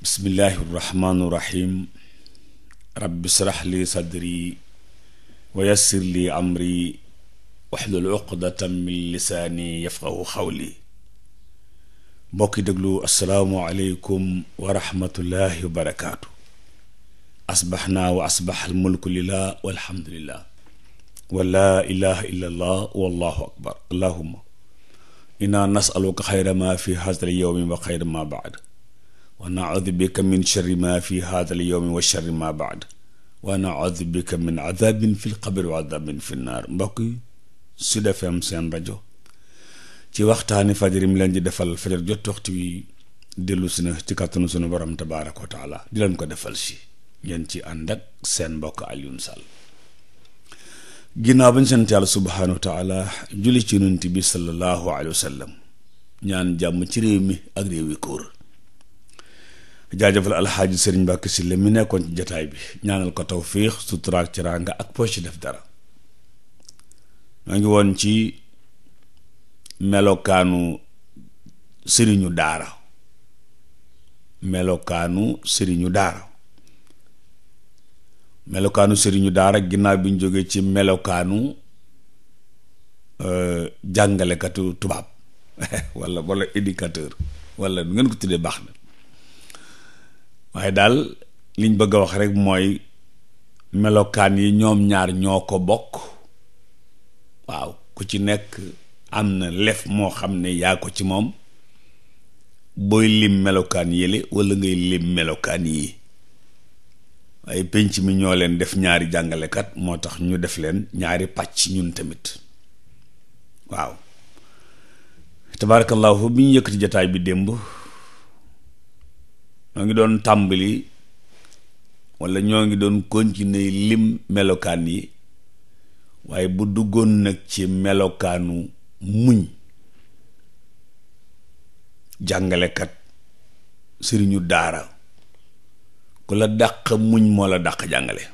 bismillaahi rahmaani rahiim rabbi shrah li sadri wa yassir li amri waxlul uqdatan min lisaani yafqahu xawli mbokki déglu assalaamu aleykum wa rahmatullaahi wa barakaatu asbaxnaa wa asbaxal mulku lillaah walhamdulillaah wa laa ilaaha illallaah wallaahu akbar allaahumma innaa nasaluka xayra maa fi haazal yawmi wa xayra maa ba'd wa naudu bika min sharri ma fi hada al wa sharri ma baad wa naudu bika min adabin fi lqabri wa adabin fi nnaar mbokk yi seen rajo ci waxtaani fajar mi leen di defal fajar jot waxtu wi dellu si na ci kàttanu sunu borom tabaaraka wa taala di leen ko defal si ngeen ci ànd seen mbokk Alioune Sall ginnaaw bañ sant yàlla subhaanahu wa taala julli ci yonent bi sallallahu alayhi wa sallam ñaan jàmm ci réew mi ak réew yi ko wër jaajëfal alxaaji sëriñ si Sylla mu nekkoon ci jataay bi ñaanal ko tawfiix su ak teraanga ak poche def dara ma ngi woon ci melokaanu sëriñu daara melokaanu sëriñu daara melokaanu sëriñu daara ginnaaw bi ñu jógee ci melokaanu euh, jàngalekatu tubaab walla walla éducateur walla du ngeen ko tuddee baax na waaye daal liñ bëgg a wax rek mooy melokaan yi ñoom ñaar ñoo ko bokk waaw ku ci nekk am na lef moo xam ne yaa ko ci moom booy lim melokaan yële walla ngay lim melokaan yi waaye pénc mi ñoo leen def ñaari jàngalekat moo tax ñu def leen ñaari pàcc ñun tamit waaw tabaarakallahu bi ñu yëkkati jataay bi démb ñoo ngi doon tàmbali wala ñoo ngi doon continuer lim melokaan yi waaye bu duggoon nag ci melokaanu muñ jàngalekat sëriñu daara ku la dàq muñ moo la dàq jàngale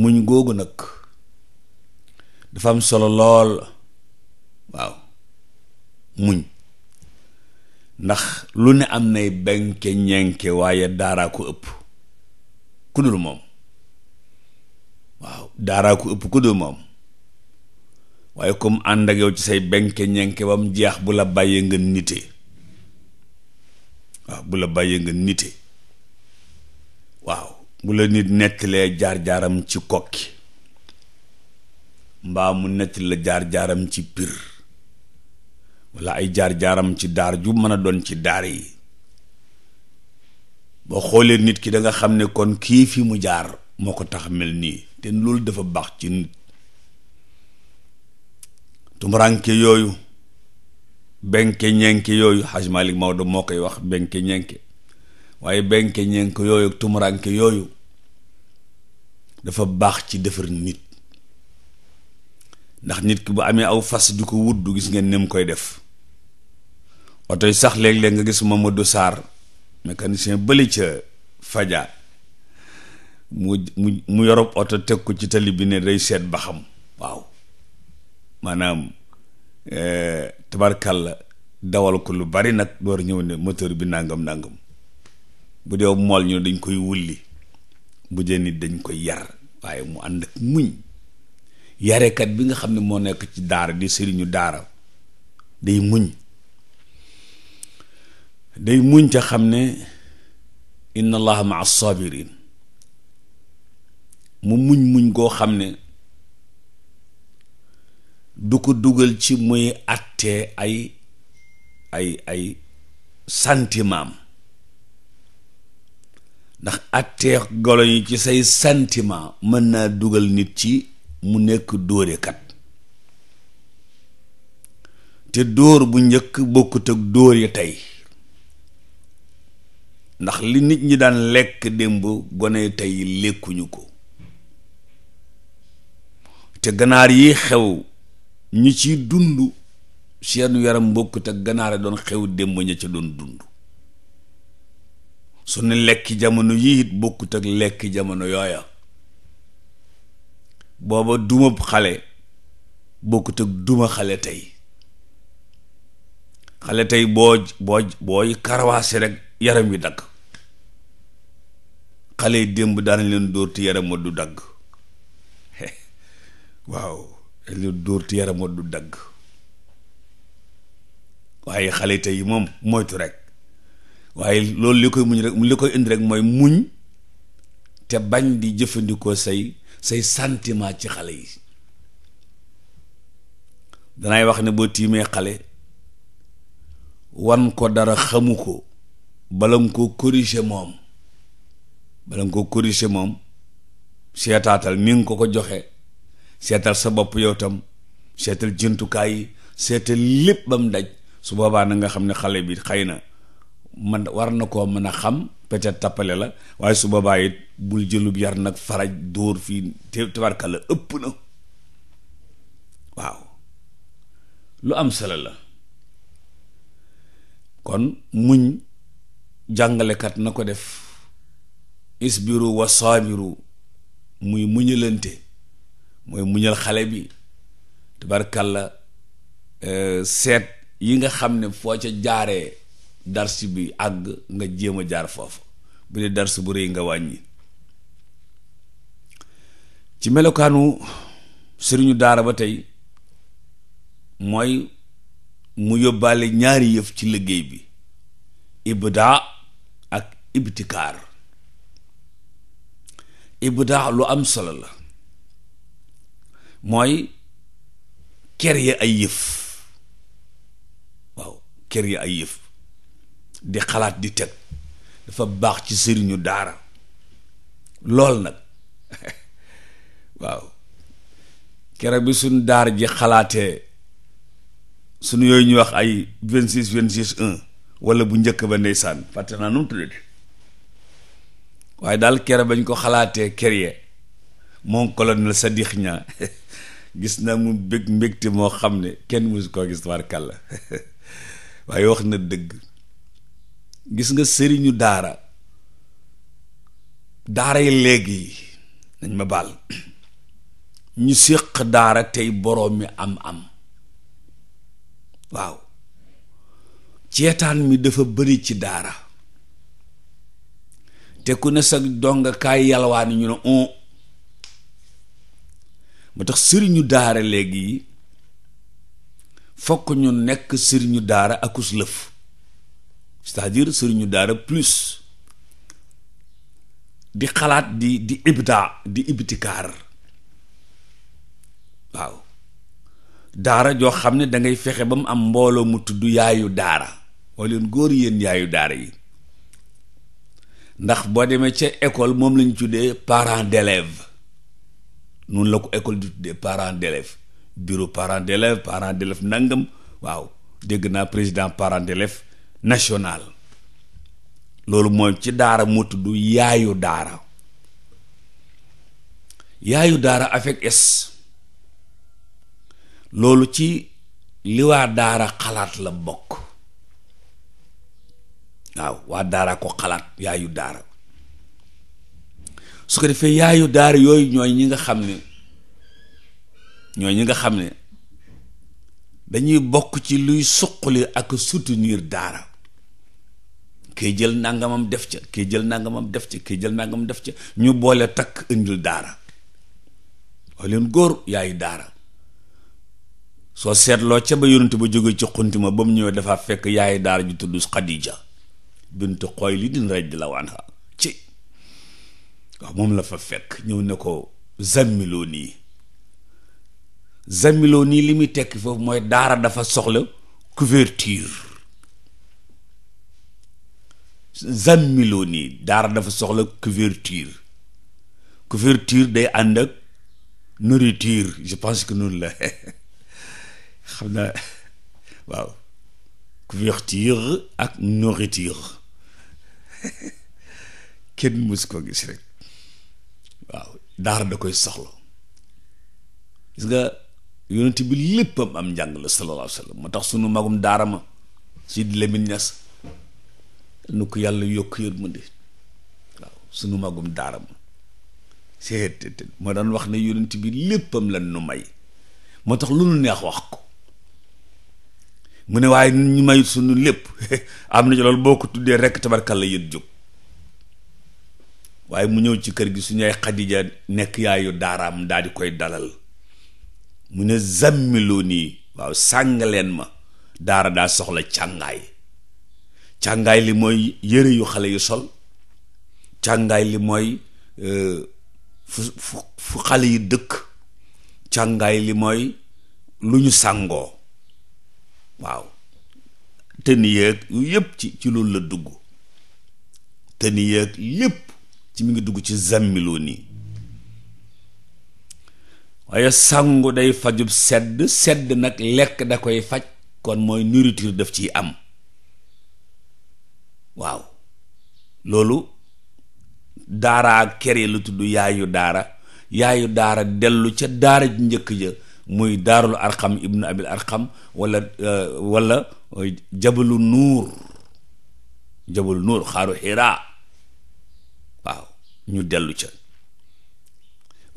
muñ googu nag dafa am solo lool waaw muñ ndax lu ne am nay benke ñenke waaye daaraa ko ëpp ku moom waaw daaraa ëpp ku moom waaye comme ànd yow ci say benke ñenke ba mu jeex bu la bàyyee nga nite waaw bu la bàyyee nga nit nettalee jaar-jaaram ci kokki mbaa mu nettali la jaar-jaaram ci pir wala ay jaar-jaaram ci daar ju mën a doon ci daar yi boo xoolee nit ki danga xam ne kon kii fi mu jaar moo ko tax mel nii te loolu dafa baax ci nit tumuranke yooyu benke ñenke yooyu Haj Malik moo koy wax benke ñenke waaye benke ñenke yooyu tumuranke yooyu dafa baax ci defar nit ndax nit ki bu amee aw fas du ko wut du gis ngeen ni mu koy def oto yi sax léeg-léeg nga gis Mamadou saar mécanicien bële ca Fadia mu mu mu yorob oto teg ko ci tali bi ne day seet ba xam waaw maanaam eh, la dawal ko lu bari nag door ñëw ne moteur bi nangam nangam bu dee mool ñu dañ koy wulli bu dee nit dañ koy yar waaye mu ànd ak muñ yarekat bi nga xam ne moo nekk ci daara di sëriñu daara day muñ day muñ ca xam ne inna allaha maa sabirin mu muñ muñ goo xam ne du ko dugal ci muy àttee ay ay ay santimaam ndax àttee golo yi ci say santiment mën naa dugal nit ci mu nekk dóorekat te dóor bu njëkk bokkut ak dóor yi tey ndax li nit ñi daan lekk démb gone tey lekkuñu ko te ganaar yi xew ñu ci dund seen yaram mbokk te ganaare doon xew démb ña ca doon dund su ne lekki jamono yii it bokkut ak lekki jamono yooya booba duma xale bokkut ak duma xale tey xale tey boo boo booy karawaasi rek yaram wi dagg xale yi démb daanañ leen dóorti ti yaram ma du dagg waaw dañ leen dóor yaram ma du dagg waaye xale tey moom moytu rek waaye loolu li koy muñ li koy indi rek mooy muñ te bañ di jëfandikoo say say santiment ci xale yi danay wax ne boo tiimee xale wan ko dara xamu ko balaŋ ko corriger moom bala nga ko corriger moom seetaatal mi ngi ko ko joxe seetal sa bopp yow tam seetal jëntukaay yi seetal lépp ba mu daj su boobaa na nga xam ne xale bi xëy na man war na koo mën a xam peut tappale la waaye su boobaa it bul jëlub yar nag faraj dóor fii te tabarka ëpp na waaw lu am solo la kon muñ jàngalekat na ko def isbiru wa saabiru muy muñalante mooy muñal xale bi tabarkalla euh, seet yi nga xam ne foo ca jaaree dars bi àgg nga jéem a jaar foofu bu dee dars bu rëy nga wàññi ci melokaanu sëriñu daara ba tey mooy mu yóbbaale ñaari yëf ci liggéey bi ibda ak ibtikaar daax lu am solo la mooy yi ay yëf waaw créer ay yëf di xalaat di teg dafa baax ci sëriñu daara lool nag waaw keroog bi suñ daar ji xalaatee suñu yooyu ñuy wax ay vingt six vingt wala bu njëkk ba ndeysaan fàtte naa nu mu waaye daal kere bañ ko xalaatee kere moom colonel Sadikh Niang gis na mu bëgg mbégte moo xam ne kenn musu koo gis warkàlla waaye wax na dëgg gis nga sëriñu daara daara yi léegi nañ ma baal ñu séq daara tey boroom mi am-am waaw ceetaan mi dafa bari ci daara te ku ne sag donga kaay yalwaani ñu ne on oh. moo tax sëriñu daara léegi yi fokk ñu nekk sëriñu daara akus lëf c'est-à-dire sëriñu daara plus di xalaat di di ibda di ibtikaar waaw daara joo xam ne dangay fexe ba mu am mbooloo mu tudd yaayu daara wala leen góor yéen yaayu daara yi ndax boo demee ca école moom lañu ñu tuddee parent d'élève noonu la ko école di tuddee parent d'élève bureau parent d'élève parent d'élève nangam waaw dégg naa président parent d'élève national loolu mooy ci daara moo tudd yaayu daara yaayu daara avec es loolu ci li waa daara xalaat la bokk waaw waa daara ko xalaat yaayu daara su ko defee yaayu daara yooyu ñooy ñi nga xam ne ñooy ñi nga xam ne dañuy bokk ci luy suqali ak sutu soutenir daara kii jël nangamam def ca kii jël nangamam def ca kii jël nangamam def ca ñu boole takk indil daara waaye leen góor yaayu daara soo seetloo ca ba yonent ba jóge ci xunti ma ba mu ñëwee dafaa fekk yaayu daara ju tudd Xadija bint Xuwaylid radiyallaahu anhaa ci waaw moom la fa fekk ñëw ne ko zammiloo nii zammiloo nii li muy tekki foofu mooy daara dafa soxla couverture zammiloo nii daara dafa soxla couverture couverture day ànd ak nourriture je pense que noonu la xam naa waaw couverture ak nourriture kenn mus ko gis rek waaw daara da koy soxla gis nga yonent bi léppam am njàng la sallallahu alayhi moo tax sunu magum daara ma Sidi Lamine nu ko yàlla yokk yërmande waaw daara ma seet moo daan wax ne yonent bi léppam lan nu may moo tax lu nu neex wax ko mu ne waaye ñu may sunu lépp am na ci loolu boo ko tuddee rekk tabarkal la yët jóg waaye mu ñëw ci kër gi suñu ay xadija nekk yaayu daaraam daal di koy dalal mu ne zammiloo nii waaw sàng leen ma daara daa soxla càngaay càngaay li mooy yëre yu xale yu sol càngaay li mooy euh, fu fu fu xale yi dëkk càngaay li mooy lu ñu sàngoo waaw tëni yeeg yëpp ci ci loolu la dugg tëni yeeg lépp ci mi ngi dugg ci zammiloo nii waaye sangu day fajub sedd sedd nag lekk da koy faj kon mooy nourriture def ciy am waaw loolu daara kere la tudd yaayu daara yaayu daara dellu ca daara ju njëkk ja muy daarul arqam ibnu abil arqam wala euh, walla euh, jabalu nuur jabalu nuur xaaru xiraa waaw ñu dellu ca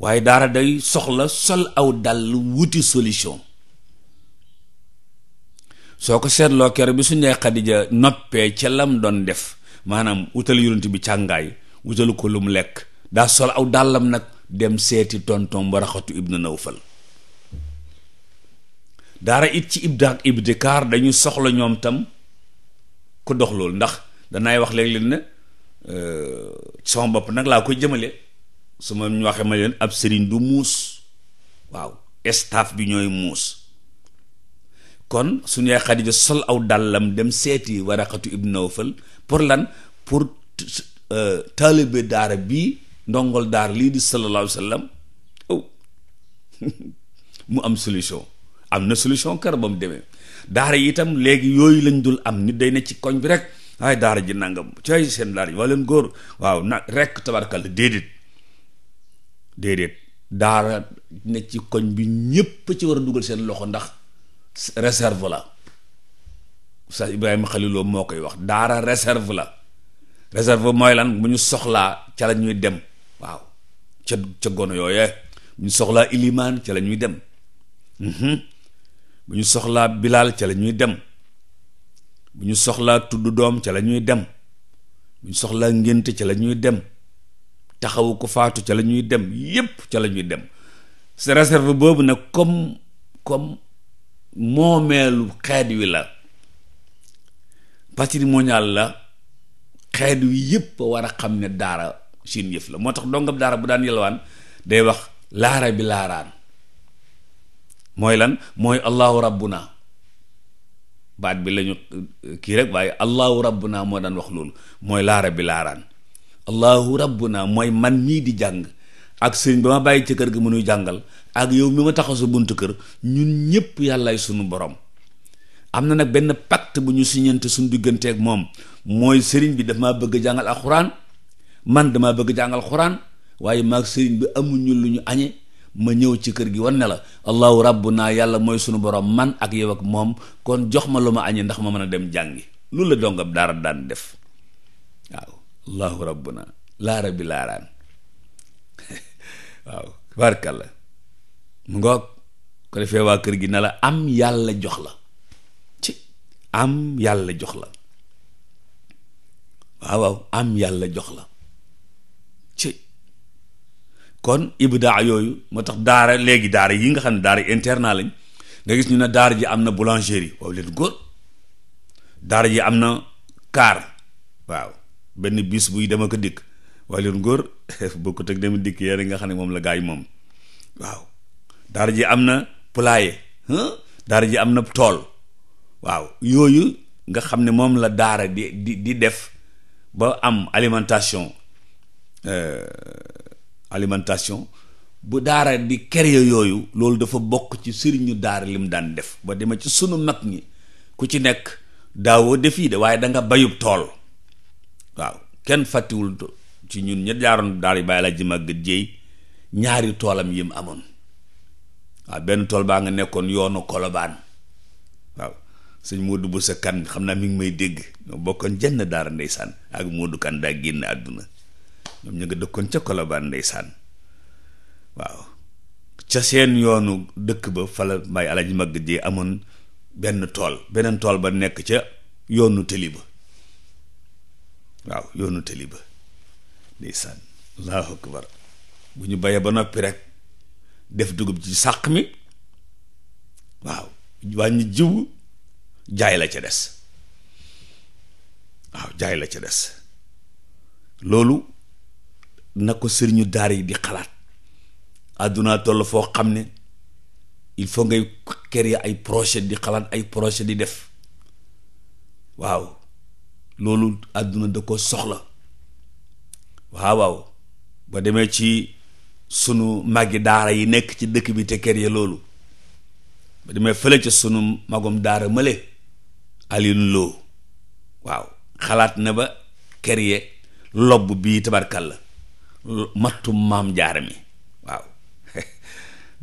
waaye daara day soxla sol aw dàll wuti solution soo ko seetloo kere bi su ndey ja noppee ca lam doon def maanaam wutal yonent bi càngaay wutal ko lu mu lekk daa sol aw dàllam nag dem seeti tonton baraxatu ibnu nawfal daara it ci ibda ak ibdikaar dañu soxla ñoom tam ku dox loolu ndax danaay wax leen na ne euh, sama bopp nag laa koy jëmale su ma ñu waxee ma leen ab sëriñ du muus waaw staff bi ñooy muus kon suñu yaay Xadija sol aw dàllam dem seeti waraqatu ibn Nawfal pour lan pour euh, taalibe daara bii ndongol daar lii di sallallahu alayhi oh, mu am solution am na solution kër ba mu demee daara yi itam léegi yooyu lañ dul am nit day ne ci koñ bi rek ay daara ji nangam cay seen daara ji waa leen góor waaw na rek tabarkal déedéet déedéet daara ne ci koñ bi ñépp ci war a dugal seen loxo ndax réserve la sa Ibrahima xaliloo moo koy wax daara réserve la réserve mooy lan bu ñu soxlaa ca la ñuy dem waaw ca ca gono yooyee bu ñu soxlaa ilimaan ca la ñuy dem mhm. bu ñu soxlaa bilaal ca la ñuy dem bu ñu soxlaa tudd doom ca la ñuy dem bu ñu soxlaa ngénte ca la ñuy dem taxawu ko faatu ca la ñuy dem yépp ca la ñuy dem sa réserve boobu nag comme comme moomeelu xeet wi la patrimonial la xeet wi yépp a war a xam ne daara siin yëf la moo tax dongab daara bu daan yelwaan day wax laara bi laaraan mooy lan mooy allahu rabbuna baat bi lañu kii rek waaye allahu rabbuna moo daan wax loolu mooy laara bi laaraan allahu rabbuna mooy man mii di jàng ak sëñ ba ma bàyyi ci kër gi mënuy jàngal ak yow mi ma taxaw sa buntu kër ñun ñépp yàllaay sunu borom am na nag benn pacte bu ñu siñante suñu digganteeg moom mooy sëriñ bi dama bëgg jàngal alxuraan man dama bëgg jàngal alxuraan waaye maag sëriñ bi amuñu lu ñu añe ma ñëw ci kër gi wan ne la allahu rabbuna yàlla mooy sunu borom man ak yow moom kon jox ma lu ma añi ndax ma mën a dem jàngi loolu la dongam daara daan def waaw allahu rabbuna laara bi laaraan waaw barkalla mu ko defee kër gi ne am yàlla jox la ci jox la waaw waaw am yàlla jox la ci kon ibdaa yooyu moo tax daara léegi daara yi nga xam ne daara internat lañ nga gis ñu ne daara ji am na boulangerie waaw leen góor daara ji am na kaar waaw benn bis buy dem ak a dikk waaye leen góor ko ak dem dikk yéen nga xam ne moom la gaa yi moom ji am na poulailler daara ji am na tool waaw yooyu nga xam ne moom la daara di di di def ba am alimentation. Euh, alimentation bu daara di créer yooyu loolu dafa bokk ci sëriñu daara lim daan def ba dema ci sunu mag ñi ku ci nekk daawoo def yi de waaye danga nga tool waaw kenn fàttiwul ci ñun ña jaaroon daara yi laa ji màggat jéey ñaari toolam yim amoon waaw benn tool baa nga nekkoon yoonu kolobaan waaw sëñ Modou Boussa Kane xam naa mi ngi may dégg ñoo bokkoon jenn daara ndeysaan ak Modou Kane daa génn àdduna ñoom ñu nga dëkkoon ca Colobane ndeysaan waaw ca seen yoonu dëkk ba fala mbay alaji mag ji amoon benn tool beneen tool ba nekk ca yoonu tëli ba waaw yoonu tëli ba ndeysaan allahu akbar bu ñu bayee ba noppi rek def dugub ci sàq mi waaw wàññi jiw jaay la ca des waaw jaay la ca des loolu na ko sëriñu daara yi di xalaat àdduna toll foo xam ne il faut ngay créer ay projet di xalaat ay projet di def waaw loolu àdduna da ko soxla waaw waaw ba demee ci sunu màggi daara yi nekk ci dëkk bi te créer loolu ba demee fële ca sunu magom daara mële Alioune Lo waaw xalaat na ba créer lobb bii tabarkal la mattum maam jaara mi waaw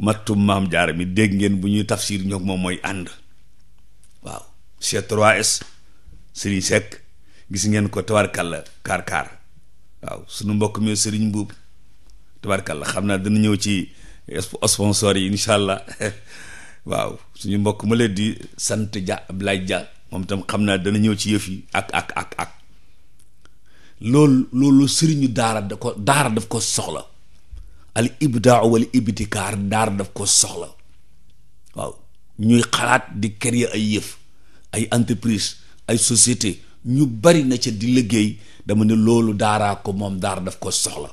mattum maam jaara mi dégg ngeen bu ñuy tafsir ñoom moom mooy ànd waaw C3S Serigne Seck gis ngeen ko tabarkalla kaar kaar waaw sunu mbokk mi Serigne Mbuub tabarkalla xam naa dana ñëw ci sponsor yi incha allah waaw suñu mbokk ma leen di sant ja Ablaye Ja moom tam xam naa dana ñëw ci yëf yi ak ak ak ak loolu loolu sëriñu daara da ko daara daf ko soxla al ibdaa wal ibtikaar daara daf ko soxla waaw ñuy xalaat di kër yi ay yëf ay entreprise ay société ñu bari na ca di liggéey dama ne loolu daaraa ko moom daara daf ko soxla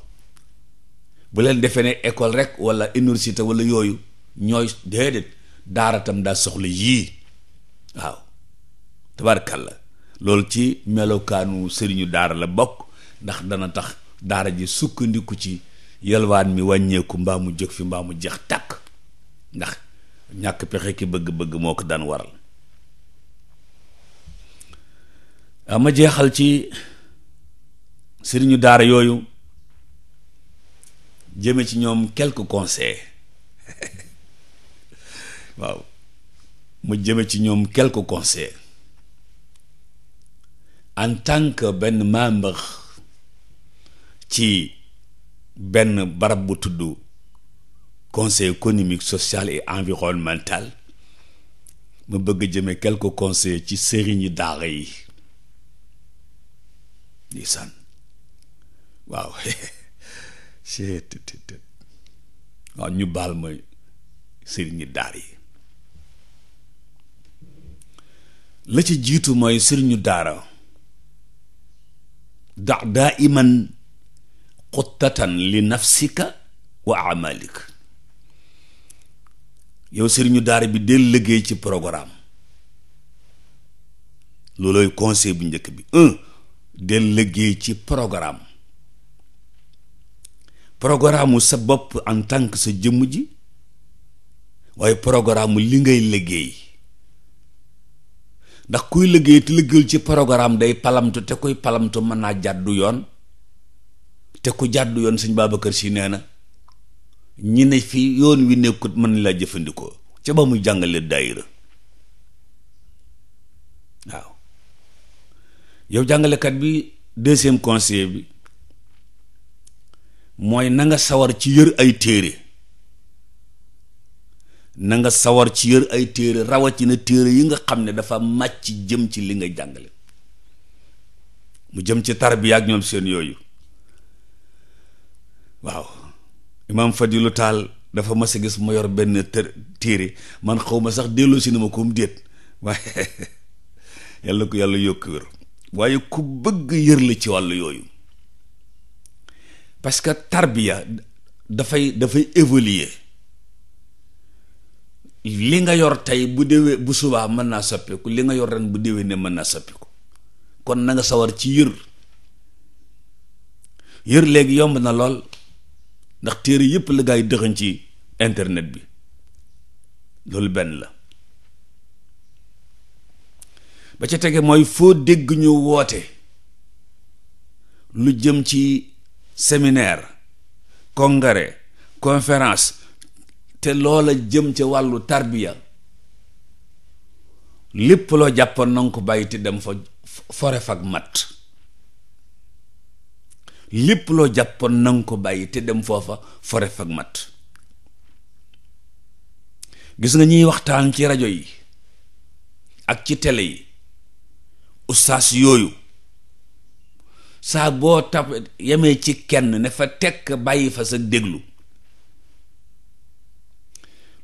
bu leen defee ne école rek wala université wala yooyu ñooy déedéet daara tam daa soxla yii waaw tabarkalla loolu ci melokaanu sëriñu daara la bokk ndax dana tax daara ji sukkandiku ci yalwaan mi wàññeeku mbaa mu jóg fi mbaa mu jeex tàkk ndax ñàkk pexe ki bëgg-bëgg moo ko daan waral ah, ma jeexal ci sëriñu daara yooyu jëme ci ñoom quelques conseils waaw mu jëme ci ñoom quelques conseils en benn membre ci benn barab bu tudd conseil économique social et environnemental ma bëgg jëme quelques conseils ci sëriñu daara yi di san waaw waaw ñu baal ma sëriñu daara yi la ci jiitu mooy sëriñu daara da daaiman xuttatan li nafsika wa amalik yow sëriñu daara bi del liggéey ci programme loolooy conseil bu njëkk bi un del liggéey ci programme programme sa bopp en tant sa jëmm ji waaye programme li ngay liggéey ndax kuy liggéey te liggéeyul ci programme day palamtu te kuy palamtu mën naa jàddu yoon te ku jàddu yoon sëñ kër Si nee na ñi ne fii yoon wi nekkut mën na laa jëfandikoo ca ba muy jàngale daayira waaw yow jàngalekat bi deuxième conseil bi mooy na nga sawar ci yër ay téere nanga sawar ci yër ay téere rawatina téere yi nga xam ne dafa màcc jëm ci li nga jàngale mu jëm ci tarbiya ak ñoom seen yooyu waaw imaam Fadilu Taal dafa mas a gis ma yor benn téere man xaw ma sax delloo si na ma koom déet waaye yàlla ko yàlla yokk wér waaye ku bëgg yër la ci wàll yooyu parce que tarbiya dafay dafay évoluer li nga yor tey bu déwee bu subaa mën naa soppiku li nga yor ren bu déwee ne mën naa soppiku kon nanga nga sawar ci yër yër léegi yomb na lool ndax téere yëpp la gaa yi dëxañ ci internet bi loolu benn la ba ca tege mooy foo dégg ñu woote lu jëm ci séminaire congrès conférence te loola jëm ca wàllu tarbiya lépp loo jàppoon na nga ko bàyyi te dem fa fore fag mat lépp loo jàppoon na nga ko bàyyi te dem foofa fore fag mat gis nga ñuy waxtaan ci rajo yi ak ci tele yi ustaas yooyu saa boo tab yemee ci kenn ne fa tekk bàyyi fa sa déglu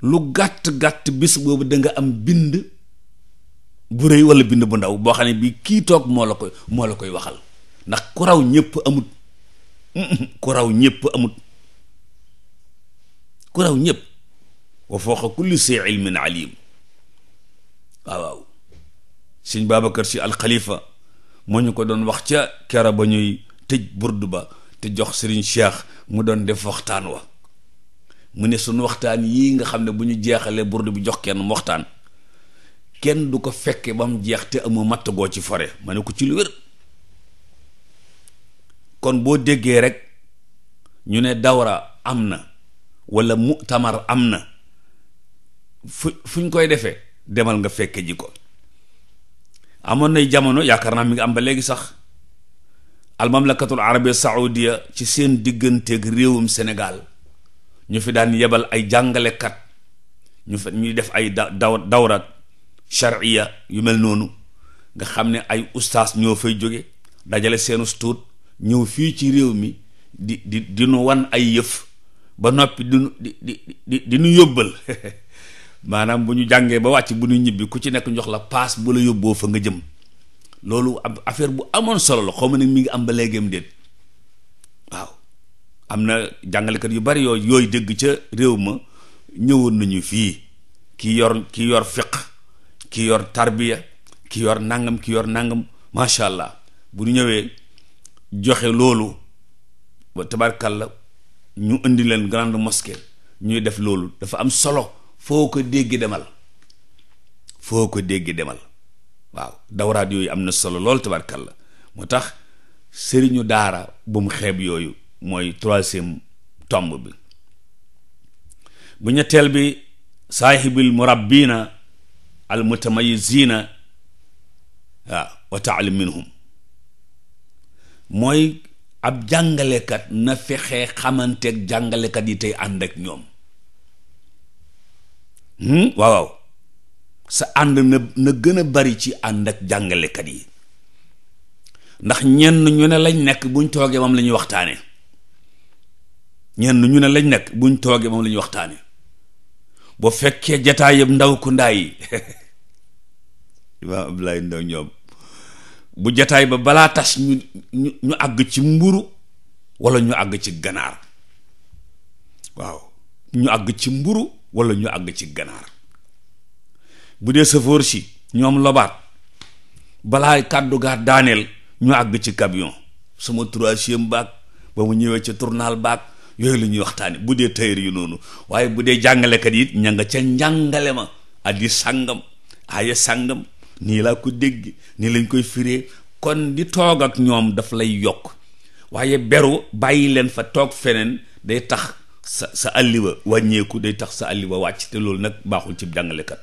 lu gàtt-gàtt bis boobu da am bind bu rëy wala bind bu ndaw boo xam ne bii kii toog moo la koy moo la koy waxal ndax ku raw ñëpp amut ku raw ñëpp amut ku raw ñëpp wa fooqa kulli si ilmin alim waaw waaw sëñ si alxalifa moo ñu ko doon wax ca kera ba ñuy tëj burdu ba te jox sëriñ Cheikh mu doon def waxtaan wa mu ne suñu waxtaan yii nga xam ne bu ñu jeexalee burdu bi jox kenn mu waxtaan kenn du ko fekke ba mu jeex te amu matt goo ci fore ma ne ko ci lu wér kon boo déggee rek ñu ne dawra am na wala mu'tamar am na fu fu ñu koy defee demal nga fekke ji ko amoon nay jamono yaakaar naa mi ngi am ba léegi sax almamlakatul arabia saoudia ci seen digganteeg réewum Sénégal ñu fi daan yebal ay jàngalekat ñu fa ñuy def ay da daw dawrat yu mel noonu nga xam ne ay ustaas ñoo fay jóge dajale seenu tuut ñëw fii ci réew mi di di di nu wan ay yëf ba noppi di di di di di nu yóbbal maanaam bu ñu jàngee ba wàcc bu ñu ñibbi ku ci nekk njox la paas bu la yóbboo fa nga jëm loolu ab affaire bu amoon solo xaw ma ne mi ngi am ba léegam déet am na jàngalekat yu bari yooyu yooyu dëgg ca réew ma ñëwoon nañu fii kii yor ki yor fiq kii yor tarbiya ki yor nangam ki yor nangam macha allah bu ñu ñëwee joxe loolu ba la ñu indi leen grande mosquée ñuy def loolu dafa am solo foo ko dégg demal foo ko déggi demal waaw dawraat yooyu am na solo loolu lool la moo tax sëriñu daara bu mu xeeb yooyu mooy troisième tomb bi bu ñetteel bi saahibil murabbina al mutamayizina waaw wa taalim minhum mooy ab jàngalekat na fexe xamanteeg jàngalekat yi tey ànd ñoom hmm? waaw waaw sa ànd na na gën a bari ci ànd ak jàngalekat yi ndax ñenn ñu ne lañ nekk buñ toogee moom lañuy ñuy waxtaanee ñenn ñu ne lañ nekk buñ toogee moom la ñuy waxtaane bu fekkee jataay yëpp ndaw ku ndaa yi imaam Abdoulaye Ndaw ñoom bu jataay ba balaa tas ñu ñu àgg ci mburu walla ñu àgg ci ganaar waaw àgg ci mburu wala ñu àgg ci ganaar bu dee sëfoor si ñoom lobaat balaa kàddu daaneel ñu àgg ci camion sama troisième baag ba mu ñëwee ci tournal baag yooyu la ñuy waxtaane bu dee tailleur yu noonu waaye bu dee jàngalekat yit ñanga ca njàngale ma adi sàngam aya sàngam nii laa ko dégg nii lañ koy firee kon di toog ak ñoom daf lay yokk waaye beru bàyyi leen fa toog feneen day tax sa sa alliwa wàññeeku day tax sa alliwa wàcc te loolu nag baaxul ci jàngalekat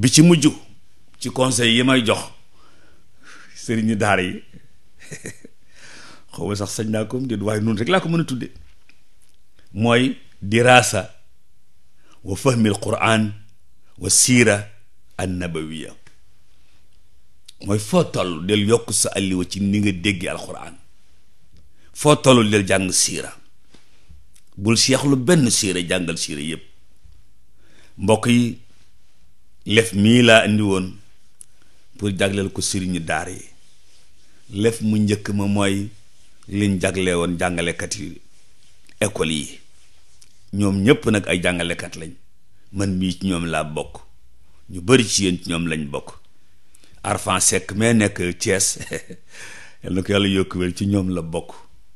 bi ci mujj ci conseil yi may jox sëriñu daar yi xaw ma sax sañ naa ko déet waaye noonu rek laa ko mën a tudde mooy dirasa wa fahmil quran wa siira an mooy foo toll del yokk sa alliwa ci ni nga dégge alquran foo toll del jàng siira bul seexlu benn siira jàngal siira yëpp mbokk yi lef mii laa indi woon pour jagleel ko sëriñu daar yi lef mu njëkk ma mooy liñ jagle woon jàngalekat yi école yi ñoom ñëpp nag ay jàngalekat lañ man mii ci ñoom laa bokk ñu bari ci yéen ci ñoom lañ bokk Arfan Seck mais nekk Thiès yal na ko yàlla yokk wér ci ñoom la bokk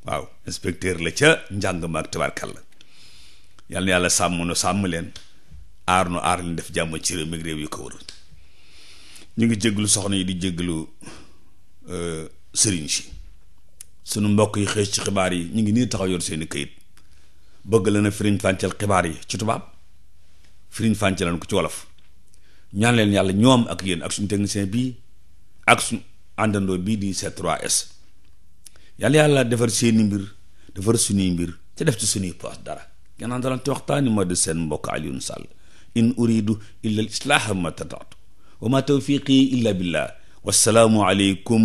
waaw inspecteur la ca njàng ma ak tabarkalla yal na yàlla sàmm nu sàmm leen aar nu aar leen def jàmm ci réew mi réew yu ko wër ñu ngi jégalu soxna yi di jégalu euh, sëriñ si sunu mbokk yi xëy ci xibaar yi ñu ngi nii taxaw yor seeni këyit bëgg la na firiñ fànceel xibaar yi ci tubaab firiñ fànceelan ko ci wolof ñaan leen yàlla ñoom ak yéen ak suñu technicien bii ak suñu àndandoo bi di C3S yàlla yàlla defar seeni mbir defar suñuy mbir te def ci sunuy poos dara ngeen àndalante waxtaani ma di seen mbokk Alioune Sall in uridu illa al islaaha ma tataatu wa ma tawfiqi illa billah wassalaamu aleykum